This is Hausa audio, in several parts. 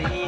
Yeah.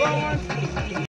Vamos